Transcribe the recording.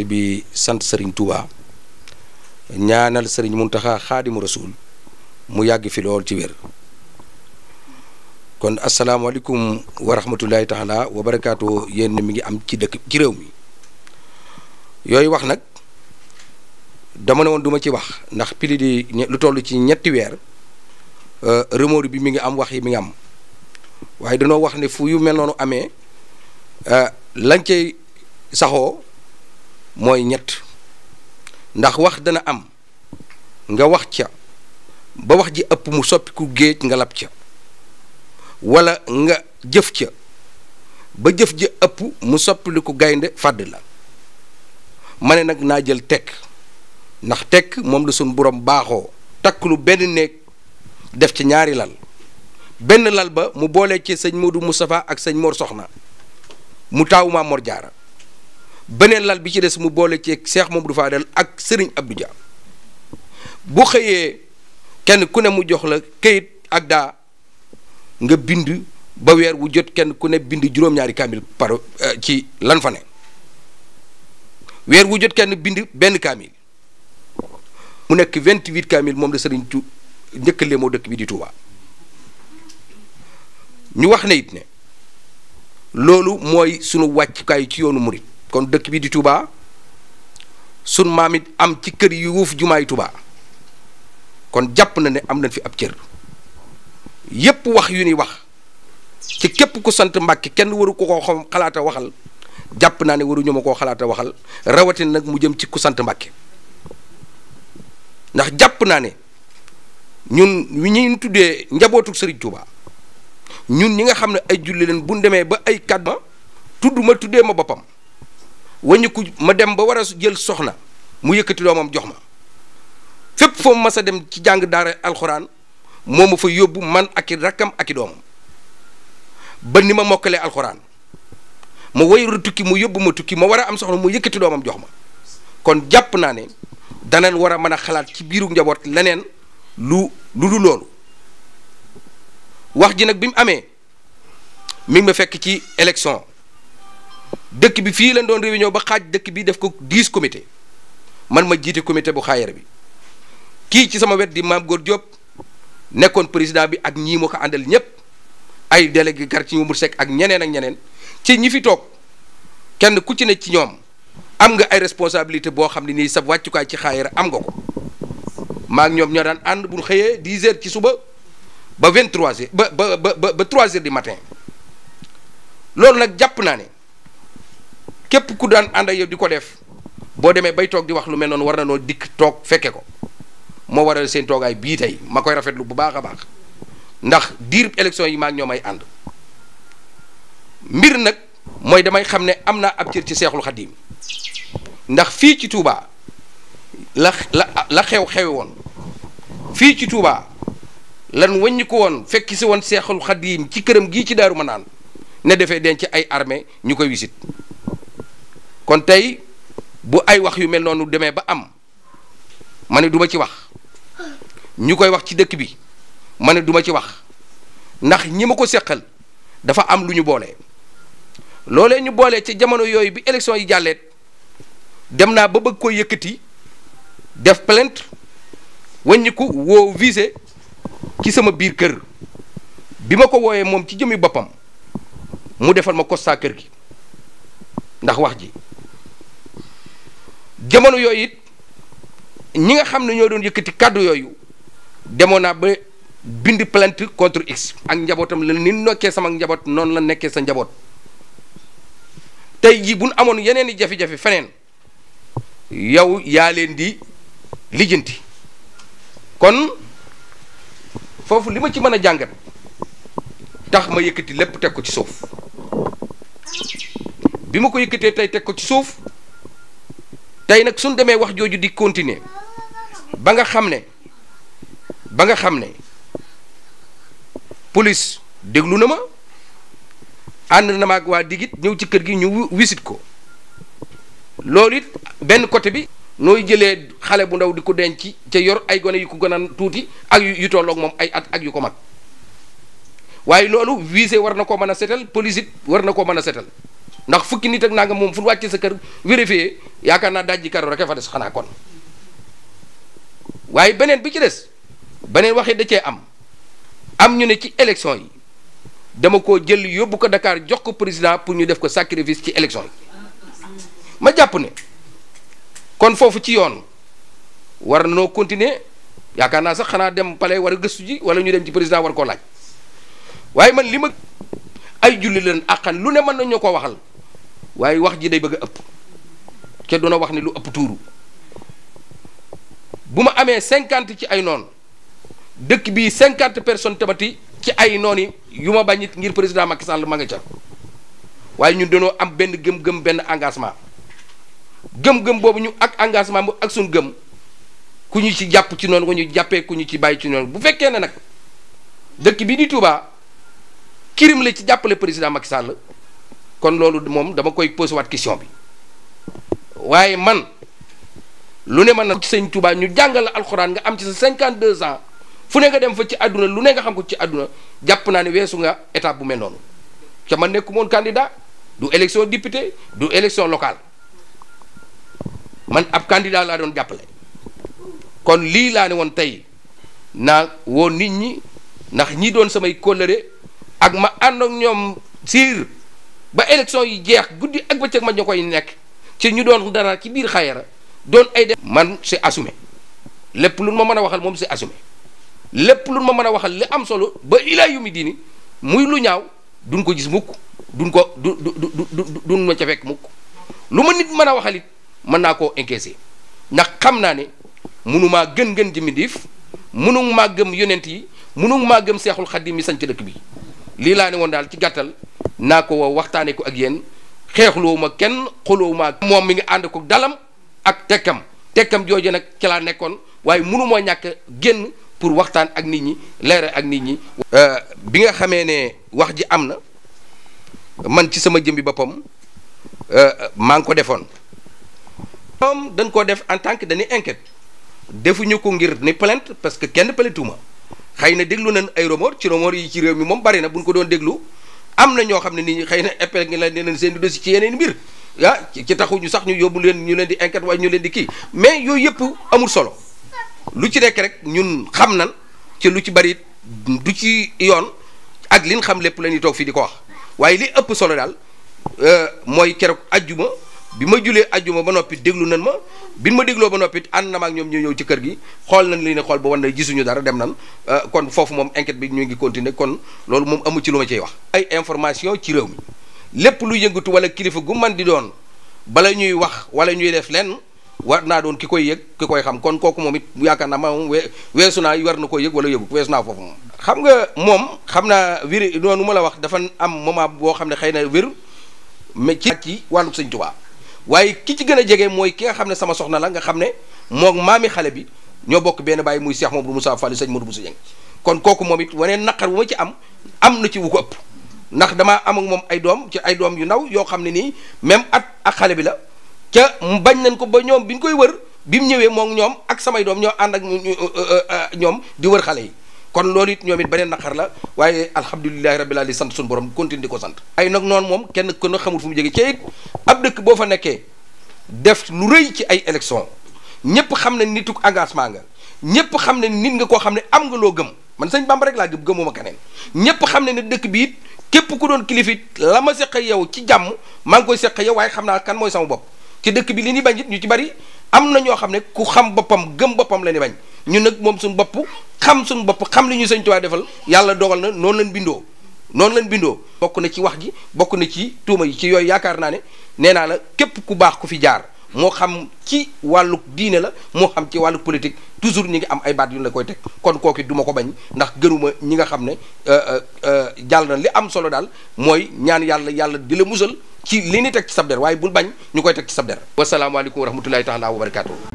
bi sant Serigne Touba ñaanal Serigne Mountakha xaadimu rasul mu yàgg fi lool ci wér kon asalaamaaleykum wa rahmatullahi taala wa barakaatu mi ngi am ci dëkk ci réew mi yooyu wax nag dama ne woon duma ci wax ndax pili di lu toll ci ñetti weer euh, rumeur bi mi ngi am wax yi mi ngi am waaye danoo wax ne fu yu mel noonu amee euh, lañ cay saxoo. mooy ñett ndax wax dana am nga wax ca ba wax ji ëpp mu soppiku géej nga lab ca wala nga jëf ca ba jëf ji ëpp mu soppiliku gaynde fàdd la ma ne nag naa jël tekk ndax tekk moom la suñ borom baaxoo takk lu benn néeg def ci ñaari lal benn lal ba mu boole ci sëñ Modou Moustapha ak sañ Mor Soxna mu taawu Maam Mor Jaara beneen lal bi ci des mu boole ci Cheikh Mamadou Fadel ak Serigne Abdou Dia bu xëyee kenn ku ne mu jox la kayit ak daa nga bind ba weer wu jot kenn ku ne bind juróom-ñaari kaamil par euh, ci lan weer wu jot kenn bind benn kaamil mu nekk 28 kaamil moom la Serigne tu njëkk a moo dëkk bi di Touba ñu wax ne it ne loolu mooy sunu wàccukaay ci yoonu murit kon dëkk bi di Touba sun maam it am ci kër yu wuuf jumaay Touba kon jàpp na ne am na fi ab cër yépp wax yu ni wax ci képp ku sant Mbàkke kenn waru ko koo xam xalaata waxal jàpp naa ne waru ñu ma koo xalaata waxal rawatin nag mu jëm ci ku sant Mbàkke ndax jàpp naa ne ñun ñu tuddee njabootu Serigne Touba ñun ñi nga xam ne ay julli leen bu demee ba ay kàddu ma tudd ma tuddee ma boppam. waññiku ma dem ba war a jël soxna mu yëkkati doomam jox ma fépp foo mas a dem ci jàng daar alxuraan moo ma fa yóbbu man ak i rakkam ak doomam ba ni ma mokkalee alxuraan ma wayru tukki mu yóbbu ma tukki ma war a am soxna mu yëkkati doomam jox ma kon jàpp naa ne danañ war a mën a xalaat ci biiru njaboot leneen lu lu lu loolu wax ji nag bi mu amee mi ngi ma fekk ci élection dëkk bi fii lañ doon réunion ba xaaj dëkk bi def ko 10 comité man ma jiite comité bu xaayar bi kii ci sama wet di maam Góor Diop nekkoon président bi ak ñii ma ko àndal ñëpp ay délégué quartier Umar Seck ak ñeneen ak ñeneen ci ñi fi toog kenn ku ci ne ci ñoom am nga ay responsabilité boo xam ne nii sa wàccukaay ci xaayar am nga ko maa ngi ñoom ñoo daan ànd bu xëyee 10 heures ci suba ba 23 heures ba ba ba ba 3 heures matin loolu nag jàpp naa ne. képp ku daan ànd ak di ko def boo demee bay toog di wax lu mel noonu war na noo dikk toog fekke ko moo waral seen toogaay bii tey ma koy rafetlu bu baax a baax ndax diir élection yi maag ñoo may ànd mbir nag mooy damay xam ne am naa ab cër ci seexul xadiim ndax fii ci tuubaa la la xew xewe woon fii ci Touba lan wëññi ko woon fekk si woon seexul xadiim ci këram gii ci daaru ma naan ne defee denc ay armée ñu koy wisit kon tey bu ay wax yu mel noonu demee ba am ma ne duma ci wax ñu koy wax ci dëkk bi ma ne duma ci wax ndax ñi ma ko seqal dafa am lu ñu boole loolee ñu boolee ci jamono yooyu bi élection yi jàlleet dem naa ba bëgg ko yëkkati def plainte wàññiku woo visé ci sama biir kër bi ma ko wooyee moom ci jëmi boppam mu defal ma constat kër gi ndax wax ji jamono yooyu it ñi nga xam ne ñoo doon yëkkati kàddu yooyu demoon naa ba bind plainte contre x ak njabootam la ni nokkee sama njaboot noonu la nekkee sa njaboot tey jii bu nu amoon yeneen yi jafe-jafe feneen yow yaa leen di lijjanti kon foofu li ma ci mën a jàngat tax ma yëkkati lépp teg ci suuf bi ma ko yëkkatee tey teg ci suuf tey nag suñ demee wax jooju di continuer ba nga xam ne ba nga xam ne police déglu na ma ànd na ma waa digit ñëw ci kër gi ñu wisit ko loolu it benn côté bi nooy jëlee xale bu ndaw di ko denc ca yor ay gone yu ko gën a tuuti ak yu tolloog moom ay at ak yu ko mag waaye loolu visé war na koo mën a setal police war na ko mën a setal ndax fukki nit ak nangam moom fu wàccee sa kër vérifié yaakaar naa dajji karo rek fa des xanaa kon waaye beneen bi ci des beneen waxee da cee am am ñu ne ci élection yi dama ko jël yóbbu ko Dakar jox ko président pour ñu def ko sacrifice ci élection yi ma jàpp ne kon foofu ci yoon war noo continuer yaakaar naa sax xanaa dem pale war a gëstu ji wala ñu dem ci président war ko laaj waaye man li mag ay julli leen àqan lu ne mën nañu koo waxal. waaye wax ji day bëgg a ëpp ca duna wax ni lu ëpp tuuru bu ma amee cinquante ci ay noonu dëkk bii cinquante personnes tamati ci ay noonu yu ma bañ it ngir président Macky Sall ma nga ca waaye ñun dañoo am benn gëm-gëm benn engagement gëm-gëm boobu ñu ak engagement bu ak suñ gëm ku ñu ci jàpp ci noonu ku ñu jàppee ku ñu ci bàyyi ci noonu bu fekkee ne nag dëkk bii di Touba kirim la ci jàppale président Macky Sall. kon loolu moom dama koy posé waat question bi waaye man lu ne man na ci sëñ Touba ñu jàngal alxuraan nga am ci sa cinquante 52 ans fu ne nga dem fa ci àdduna lu ne nga xam ko ci àdduna jàpp naa ne weesu nga état bu mel noonu ca ma nekku moon candidat du élection député du élection locale man ab candidat laa doon jàppale kon lii laa ne woon tey naa woon nit ñi ndax ñi doon samay kóllëre ak ma ànd ak ñoom siir ba élection yi jeex guddi ak bëccëg ma ñu koy nekk ci ñu doon dara ci biir xayara doon ay def man si assumé lépp lu ma mën a waxal moom si assumé lépp lu ma mën a waxal li am solo ba ilaa yu mi diini muy lu ñaaw duñ ko gis mukk duñ ko du du ma ca fekk mukk lu ma nit mën a waxal it mën naa koo encaisser ndax xam naa ne munumaa gën gën jëmi diif munu maa gëm yonent yi munu maa gëm seexul xaddim yi sañ ci dëkk bi lii laa ne woon daal ci gàttal nako wo waxtane ko ak yeen xexluuma ma kenn xuloo ma mi ngi and ko dalam ak tekam tekam jojje nak ci la nekkon waye munu mo ñak genn pour waxtaan ak nit ñi leeral ak nit ñi euh, bi nga xamé ne wax ji amna man ci sama jëmbi boppam euh, maa ngi ko defon ñoom dañ ko def en tant que dañuy enquête defuñu ko ngir ni plainte parce que kenn plaintuma xayna na nañ ay remor ci remor yi ci rew mi mom bari na buñ ko doon deglu am na ñoo xam ne nit ñi xëy na épel ngi la leen seen dossier ci yeneen mbir ah ci taxuñu sax ñu yóbbu leen ñu leen di enquête waaye ñu leen di kii mais yooyu yëpp amul solo lu ci nekk rek ñun xam nan ci lu ci bari du ci yoon ak liñ xam lépp la ñuy toog fii di ko wax waaye li ëpp solo daal euh, mooy keroog ajjuma bi ma julee ajjuma ba noppi déglu nan ma bi ma dégloo ba noppit ànd na ma ñoom ñu ñëw ci kër gi xool na li ne xool ba wan na gisuñu dara dem nan euh, kon foofu moom enquête bi ñu ngi continuer kon loolu moom amu ci lu ma wax. ay information ci réew mi lépp lu yëngatu wala kilifa gu man di doon bala ñuy wax wala ñuy def lenn war naa doon ki koy yëg ki koy xam kon kooku moom it yaakaar naa ma moom weesu naa war na ko yëg wala yëgu weesu naa foofu moom. xam nga moom xam naa wér noonu ma la wax dafa am moment boo xam ne xëy na wér mais ci wàllu sëñ Tuubaa waaye ki ci gën a jege mooy ki nga xam ne sama soxna la nga xam ne moom maami xale bi ñoo bokk benn bàyyi muy seex Cheikh Mamadou Moussa Fall sëñ Modou Bousso Dieng kon kooku moom it waneen naqar bu ma ci am am na ci wu ko ëpp ndax damaa am moom ay doom ci ay doom yu ndaw yoo xam ne nii même at ak xale bi la ca bañ nañ ko ba ñoom bi ñu koy wër bi mu ñëwee moom ñoom ak samay doom ñoo ànd ak euh, euh, euh, ñoom di wër xale yi kon loolu it ñoom it beneen naqar la waaye alhamdulilahi rabbil li sant suñu borom continue di ko sant ay nag noonu moom kenn ku ne xamul fu mu jógee ci ab dëkk boo fa nekkee def lu rëy ci ay élection ñëpp xam ne nituk engagement nga ñëpp xam ne nit nga koo xam ne am nga loo gëm man sëñ Bamba rek laa gëm gëmuma keneen ñëpp xam ne ne dëkk bi képp ku doon kilifa it la ma seq yow ci jàmm maa ngi koy seq yow waaye xam naa kan mooy sama bopp ci dëkk bi li ñuy bañ it ñu ci bari am na ñoo xam ne ku xam boppam gëm boppam la ni bañ ñun nag moom suñu bopp xam suñu bopp xam li ñu sëñ Tuubaa defal yàlla dogal na noonu lan bindoo noonu lañ bindoo bokk na ci wax gi bokk na ci tuuma yi ci yooyu yaakaar naa ne nee naa la képp ku baax ku fi jaar moo xam ci wàllu diine la moo xam ci wàllu politique toujours ñi ngi am ay baat yu la koy teg kon kooki duma ko bañ ndax gënuma ñi nga xam ne euh, euh, euh, jàll na li am solo daal mooy ñaan yàlla yàlla di la musal ci li ni teg ci waaye bul bañ ñu koy teg ci sab der wasalaamaaleykum wa rahmatullahi taala wa barakaatu